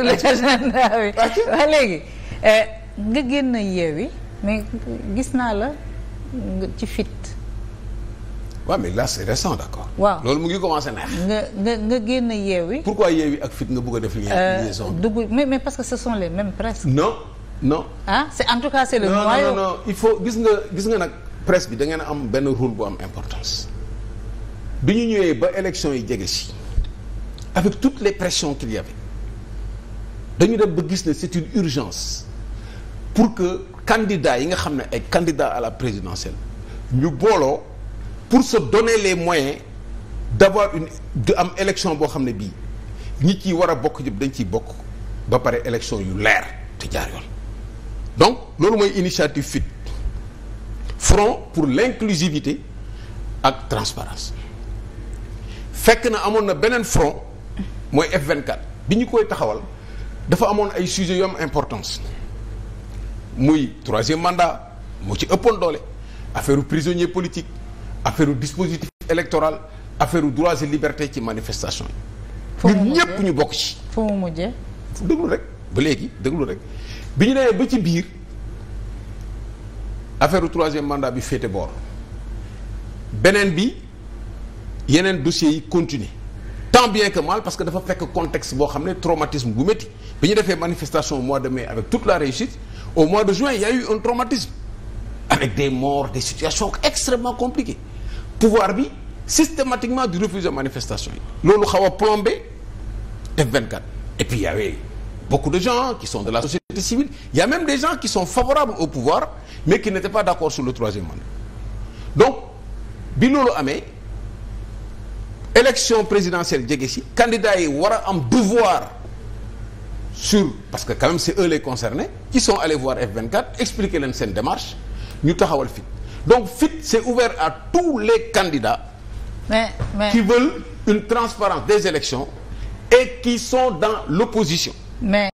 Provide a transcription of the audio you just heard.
sur l'agenda bi waa léegi eh, nga génn Yewwi mais gis naa la ci fit waaw mais là c'est récent d'accord waaw loolu mu ngi commencé na nga nga nga génn Yewwi pourquoi Yewwi ak fit nga bugg a def euh, liaison dugg mais mais parce que ce son les mêmes presque no no ah c'est en tout cas c'est le noyau non non il faut gis nga gis nga nag presse bi da ngeen am benn rôle bu am importance bi ñu ñëwee ba élection yi jege si avec toutes les pressions qu'il y dañu dem ba gis ne c'est une urgence pour que candidats yi nga xam ne ay candidats à la présidentielle ñu booloo pour se donner les moyens d'avoir une du am élection boo xam ne bii ñi ciy war a bokk ñëpp dañ ciy bokk ba pare élection yu leer te jaar yoon donc loolu mooy initiative FIT front pour l'inclusivité ak transparence fekk na amoon na beneen front mooy F24 bi ñu koy taxawal dafa amoon ay sujets yom importance muy troisième mandat moo ci ëppoon doole affaire prisonnier politique affaire dispositif électoral affaire droits et libertés ci manifestation yi. ñun ñëpp ñu bokk ci. fu mu mujjee. déglu rek ba léegi déglu rek bi ñu demee ba ci biir affaire troisième mandat bi féete boor beneen bi yeneen dossiers yi continuer tant bien que mal parce que dafa fekk contexte boo xam ne traumatisme bu métti bi ñu defee manifestation au mois de mai avec toute la réussite au mois de juin il y a eu un traumatisme avec des morts des situations extrêmement compliquées pouvoir bi systématiquement di refuser manifestation yi loolu xaw a plombé F24 et puis il y avait de gens qui sont de la société civile il a même des gens qui sont favorables au pouvoir mais qui n'étaient pas d'accord donc bi amee élection présidentielle jege si candidats yi war a am devoir sur parce que quand même c'est eux les concernés qui sont allés voir F24 expliquer leen seen démarche ñu taxawal fit donc fit c'est ouvert à tous les candidats mais, mais... qui veulent une transparence des élections et qui sont dans l'opposition mais...